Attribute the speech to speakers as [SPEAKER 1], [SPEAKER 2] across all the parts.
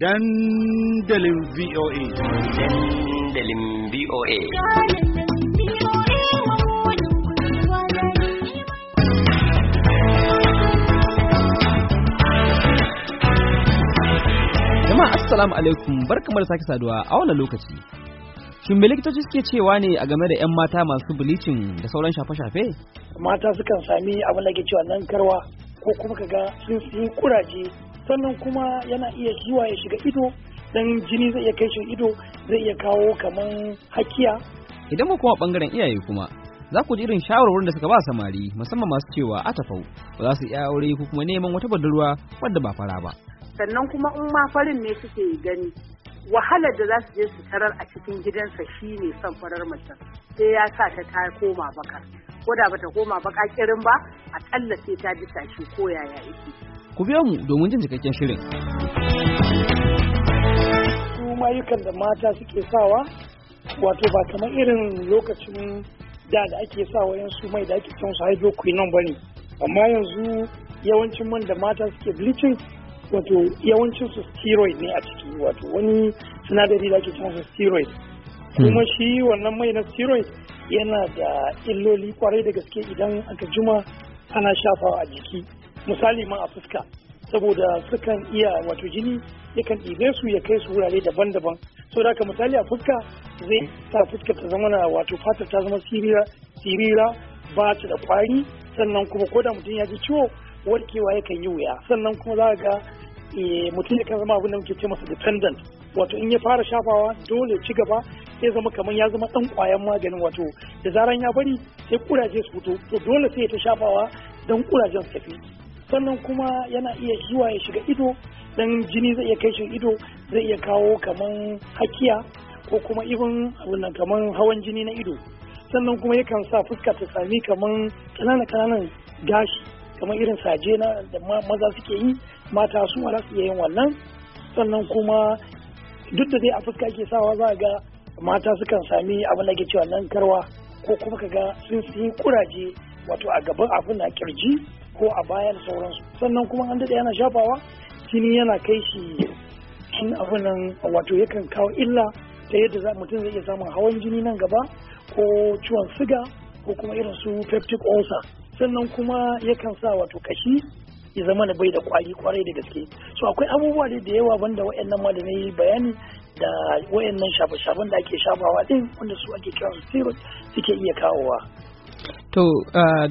[SPEAKER 1] dandalin VOA. Dandalin VOA. Jama'a Assalamu alaikum barkamar sake saduwa a wannan lokaci. Shin me likitoci suke cewa ne a game da 'yan mata masu bilicin da sauran shafe-shafe?
[SPEAKER 2] Mata sukan sami abin da ke cewa nan karwa ko kuma ga sun yi kuraje sannan kuma yana iya zuwa ya shiga ido dan jini zai iya kai shi ido zai iya kawo kamar hakiya
[SPEAKER 1] idan mu kuma bangaren iyaye kuma za ku ji irin shawarwarin da suka ba samari musamman masu cewa a tafau ba za su iya aure ko kuma neman wata budurwa wadda ba fara ba
[SPEAKER 3] sannan kuma in ma farin ne suke gani wahalar da za su je su tarar a cikin gidansa shi ne son farar mace sai ya sa ta ta koma baka ko da bata koma baka kirin ba a sai
[SPEAKER 2] ta bisa shi ko yaya yake
[SPEAKER 1] Ku biya mu domin jin cikakken shirin.
[SPEAKER 2] Su mayukan da mata suke sawa wato ba kamar irin lokacin da da ake sa wayansu mai da ake su nan ba ne amma yanzu yawancin man da mata suke bleaching wato yawancin su steroid ne a ciki wato wani sinadari da ake su steroid hmm. kuma shi wannan mai na steroid yana da illoli kwarai da gaske idan aka juma ana shafawa a jiki misali ma a fuska saboda sukan iya wato jini yakan ɗibe su ya kai su wurare daban-daban so da misali a fuska zai sa fuska ta zama wato fatar ta zama sirira sirira ba ta da kwari sannan kuma ko da mutum ya ji ciwo warkewa yakan yi wuya sannan kuma za ga eh, mutum yakan zama abin da muke ce masa dependent wato in ya fara shafawa dole ci gaba sai zama kamar ya zama dan kwayan maganin wato da zaran ya bari sai kuraje su fito to dole sai ta shafawa don kurajen su tafi sannan kuma yana iya zuwa ya shiga ido dan jini zai iya kai shi ido zai iya kawo kaman hakiya ko kuma ibin abin kaman hawan jini na ido sannan kuma yakan sa fuska ta sami kaman kanana kananan gashi kamar irin saje na da maza suke yi mata su ma su iya yin wannan sannan kuma duk da dai a fuska ake sawa za ga mata sukan sami abin da ke cewa nan karwa ko kuma ka ga sun yi kuraje wato a gaban abin na kirji ko a bayan sauransu sannan kuma an daɗe yana shafawa jini yana kai shi cin abin nan wato yakan kawo illa ta yadda mutum zai iya samun hawan jini nan gaba ko ciwon siga ko kuma irin su peptic ulcer sannan kuma yakan sa wato kashi ya zama na bai da kwari kwarai da gaske so akwai abubuwa da da yawa banda wayannan ma da na yi bayani da wayannan shafe-shafen da ake shafawa din wanda su ake kiran steroid suke iya kawowa
[SPEAKER 1] to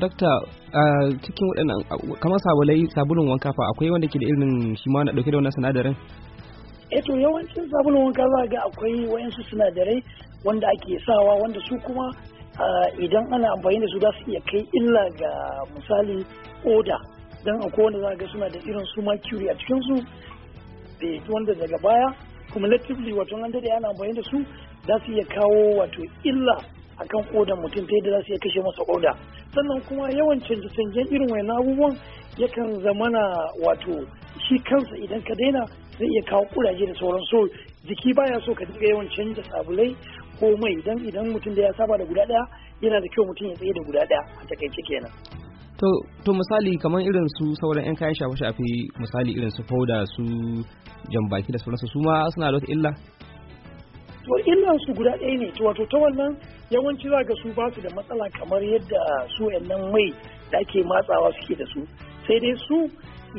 [SPEAKER 1] dokta cikin waɗannan kamar sabulai sabulun wanka fa akwai wanda ke da irin shi ma na ɗauke da wannan sinadarin
[SPEAKER 2] eh to yawancin sabulun wanka za ga akwai wayansu sinadarai wanda ake sawa wanda su kuma idan ana amfani da su za su iya kai illa ga misali oda don akwai wanda za ga suna da irin su mercury a cikin su wanda daga baya cumulatively wato an da ana amfani da su za su iya kawo wato illa akan kodan mutum ta yadda za su iya kashe masa koda sannan kuma yawan canje-canjen irin wani abubuwan yakan zamana wato shi kansa idan ka daina zai iya kawo kuraje da sauran so jiki baya so ka dinga yawan canja sabulai ko mai idan idan mutum da ya saba da guda daya yana da kyau mutum ya tsaye da guda daya a takaice kenan
[SPEAKER 1] to to misali kamar irin su sauran yan kayan shafe shafe misali irin su fauda su jan baki da sauransu su ma suna da wata illa
[SPEAKER 2] to illa su guda ɗaya ne to wato ta wannan yawanci za ga su ba su da matsala kamar yadda su nan mai da ake matsawa suke da su sai dai su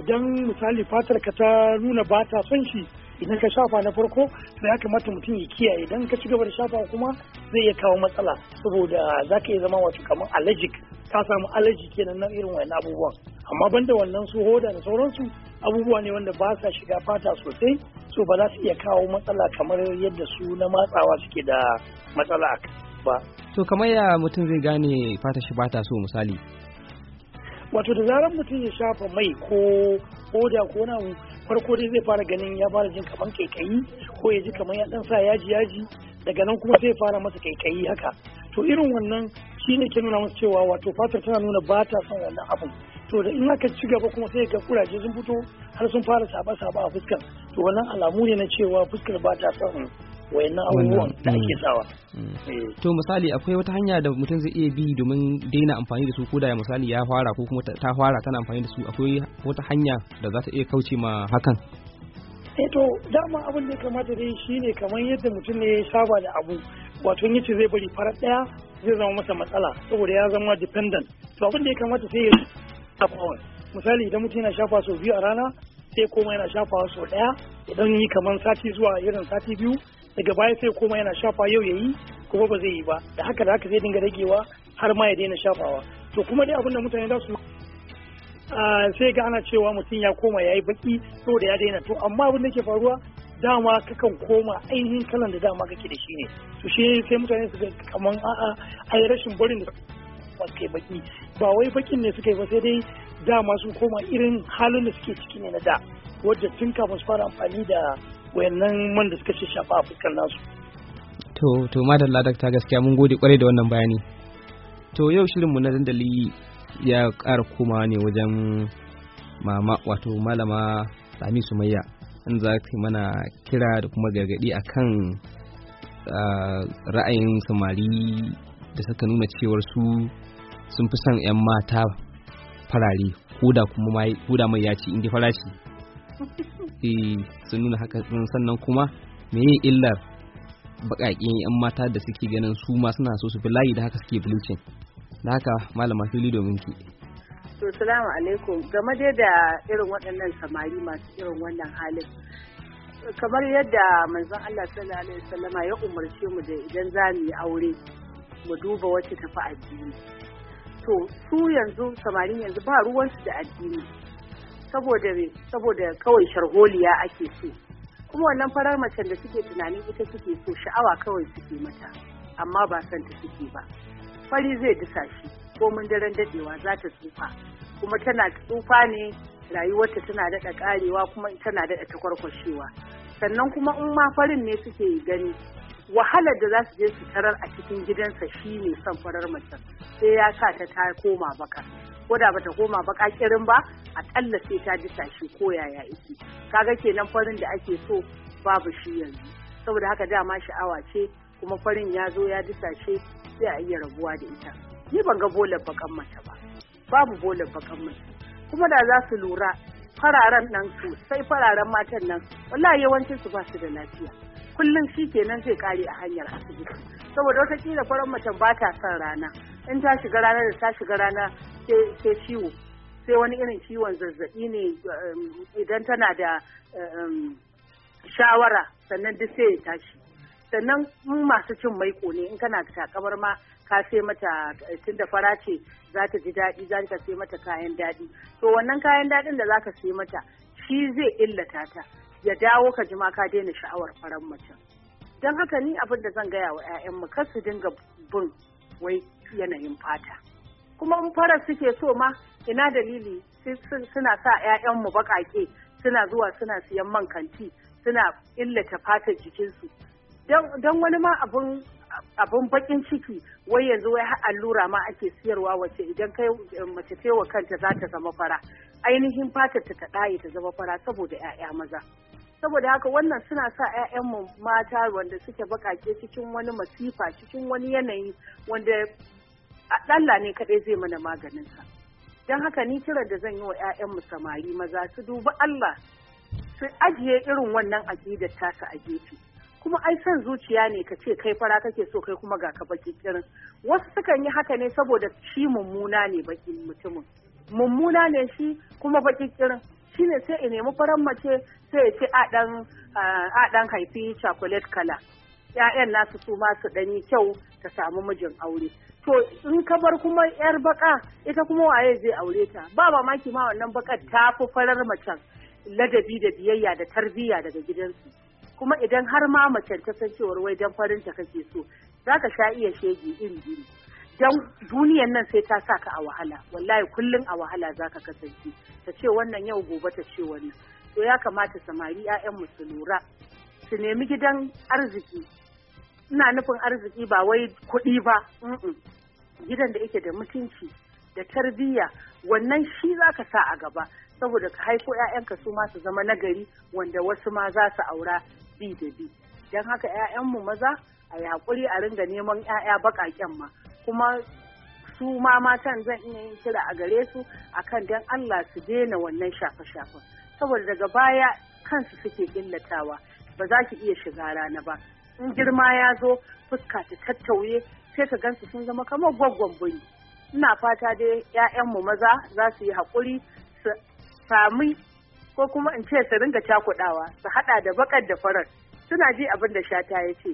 [SPEAKER 2] idan misali fatar ka ta nuna ba ta son shi idan ka shafa na farko sai ya kamata mutum ya kiyaye idan ka ci gaba da shafa kuma zai iya kawo matsala saboda za ka iya zama wato kamar allergic ka samu allergy kenan na irin wannan abubuwan amma banda wannan su hoda da sauransu abubuwa ne wanda ba sa shiga fata sosai so ba za su iya kawo matsala kamar yadda su na matsawa suke da matsala ba
[SPEAKER 1] to kamar ya mutum zai gane fata shi bata so misali
[SPEAKER 2] wato da zarar mutum ya shafa mai ko oda ko na farko dai zai fara ganin ya fara jin kaman kaikayi ko ya ji kamar ya dan sa yaji yaji daga nan kuma sai fara masa kaikayi haka to irin wannan shi ne ke nuna masa cewa wato fatar tana nuna ba ta son wannan abun to da in aka ci gaba kuma sai ga kuraje sun fito har sun fara saba saba a fuskar to wannan alamu ne na cewa fuskar ba ta son wayannan abubuwan da ake mm. sawa mm. Eh.
[SPEAKER 1] to misali akwai wata hanya da mutum zai iya bi domin daina amfani da su ko da misali ya fara ko kuma ta fara tana amfani da su akwai wata hanya da za ta iya kauce ma hakan
[SPEAKER 2] eh to dama abin da ya kamata dai ne kamar yadda mutum ne ya saba da abu wato yace zai bari farar daya zai zama masa matsala saboda ya zama dependent to abin da ya kamata sai ya shafawa misali idan mutum yana shafa sau biyu a rana sai koma yana shafawa sau daya idan yi kamar sati zuwa irin sati biyu daga baya sai kuma yana shafa yau ya yi kuma ba zai yi ba da haka da haka zai dinga ragewa har ma ya daina shafawa to kuma dai abin da mutane za su sai ga ana cewa mutum ya koma ya yi baki saboda ya daina to amma abin da ke faruwa dama kakan koma ainihin kalan da dama kake da shi ne to shi sai mutane su ga kaman a'a ai rashin barin da suka baki ba wai bakin ne suka yi ba sai dai dama sun koma irin halin da suke ciki ne na da wadda tun kafin su fara amfani da wayannan man da suka shafa a fuskar nasu
[SPEAKER 1] to to madalla dakta gaskiya mun gode kwarai da wannan bayani to yau shirinmu na dandali ya ƙara koma ne wajen mama wato malama sami sumayya in za ka mana kira da kuma gargaɗi kan ra'ayin samari da suka nuna cewar su sun fi son 'yan mata farare ko da kuma mai ya ci inda farashi E, sun nuna haka sannan kuma me yin illar baƙaƙen 'yan mata da suke ganin su ma suna so su fi layi da haka suke bleaching da haka malama fili domin ki
[SPEAKER 3] to salamu alaikum game dai da irin waɗannan samari masu irin wannan halin kamar yadda manzon Allah sallallahu alaihi wasallama ya umarce mu da idan za mu yi aure mu duba wacce tafi addini to su yanzu samarin yanzu ba ruwansu da addini saboda saboda kawai sharholiya ake so kuma wannan farar macen da suke tunanin ita suke so sha'awa kawai suke mata amma ba san ta suke ba fari zai disa shi komin daren dadewa za ta tsufa kuma tana tsufa ne rayuwarta tana daɗa ƙarewa kuma tana daɗa takwarkwashewa sannan kuma in ma farin ne suke gani wahalar da za su je su tarar a cikin gidansa shi ne son farar macen sai ya sa ta ta koma baka ko da bata koma baka kakirin ba akalla sai ta ji tashi ko yaya yake kaga kenan farin da ake so babu shi yanzu saboda haka dama sha'awa ce kuma farin ya zo ya ji tashi sai a iya rabuwa da ita ni ban ga bolar bakan mata ba babu bolar bakan mata kuma da za su lura fararen nan su sai fararen matan nan wallahi yawancin su ba su da lafiya kullum shi kenan zai kare a hanyar asibiti saboda wata kila farin macen ba ta son rana in ta shiga rana da ta shiga rana ke ciwo sai wani irin ciwon zazzabi ne um, idan tana da um, shawara sannan duk sai ya tashi sannan in masu cin maiko ne in kana takamar ma ka sai mata eh, tun da fara ce za ta ji daɗi za ka sai mata kayan daɗi to wannan kayan daɗin da za ka sai mata shi zai illata ta ya dawo ka ji ma ka daina sha'awar farar mutum don haka ni abin da zan gaya wa 'ya'yanmu kar su dinga bin wai yanayin fata kuma in farar suke so ma ina dalili suna sa 'ya'yanmu baƙaƙe suna zuwa suna siyan man kanti suna illata fatar jikinsu don wani ma abun abun bakin ciki wai yanzu wai har allura ma ake siyarwa wace idan kai mace ce wa kanta za ta zama fara ainihin fatar ta ɗaye ta zama fara saboda 'ya'ya maza saboda haka wannan suna sa mu mata wanda suke bakake cikin wani masifa cikin wani yanayi wanda Allah ne kaɗai zai mana maganin sa Don haka ni kiran da zan yi wa 'ya'yanmu samari maza su duba Allah su ajiye irin wannan aƙidar tasa a gefe. Kuma ai son zuciya ne ka ce kai fara kake so kai kuma ga ka baki kirin. Wasu sukan yi haka ne saboda shi mummuna ne baki mutumin. Mummuna ne shi kuma baki kirin. Shi ne sai ya nemi faran mace sai ya ce a ɗan haifi chocolate kala. ‘Ya'yan nasu su ma su ɗanyi kyau ta samu mijin aure to in ka bar kuma yar baka ita kuma waye zai aure ta ba ba ma wannan bakar ta fi farar macen ladabi da biyayya da tarbiyya daga gidansu kuma idan har ma macen ta san cewar wai dan farin ta kake so za ka sha iya shege iri iri dan duniyan nan sai ta sa ka a wahala wallahi kullum a wahala za ka kasance ta ce wannan yau gobe ta ce wannan to ya kamata samari 'ya'yan musu lura su nemi gidan arziki ina nufin arziki ba wai kuɗi ba gidan da yake da mutunci da tarbiyya wannan shi za ka sa a gaba saboda ka haifo 'ya'yanka su ma su zama nagari wanda wasu ma za su aura bi da bi don haka 'ya'yanmu maza a yaƙuri a ringa neman 'ya'ya baƙaƙen ma kuma su ma matan zan iya yin kira a gare su akan don Allah su dena wannan shafe-shafen saboda daga baya kansu suke illatawa ba za ki iya shiga rana ba in girma ya zo fuska ta tattauye sai ka gansu sun zama kamar gwaggon buri ina fata dai mu maza za su yi haƙuri su sami ko kuma in ce su ringa cakudawa su haɗa da bakar da farar suna ji abin da shata ya ce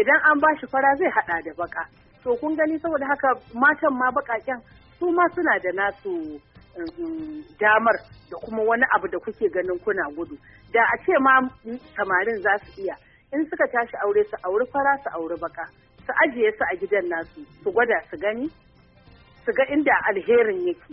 [SPEAKER 3] idan an ba shi fara zai haɗa da baƙa, to kun gani saboda haka matan ma bakaken su ma suna da nasu um, damar da kuma wani abu da kuke ganin kuna gudu da a ce ma samarin za su iya in suka tashi aure su auri fara su auri baka su ajiye su a gidan nasu su gwada su gani su ga inda alherin yake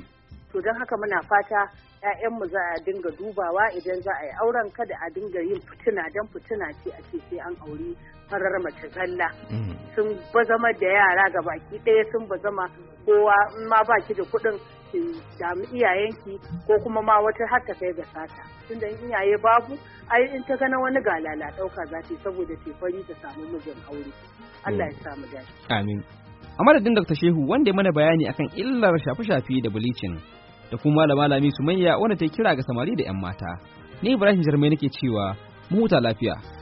[SPEAKER 3] to don haka muna fata 'ya'yanmu za a dinga dubawa idan za a yi auren kada a dinga yin fituna don fituna ce a ce an auri farar mace zalla mm. sun bazama da yara ga baki ɗaya sun bazama kowa in ma baki da kuɗin ki dami iyayenki ko kuma ma wata har ta kai ga sata tunda da iyaye babu ai in ta gana wani galala ɗauka za ta yi saboda tefari ta samu mijin aure Allah ya mm. samu dashi
[SPEAKER 1] amin a madadin Dr. Shehu wanda ya mana bayani akan illar shafi shafe da bleaching da kuma malama Lami manya wanda ta kira ga samari da 'yan mata. Ni Ibrahim Jarmai nake cewa mu huta lafiya.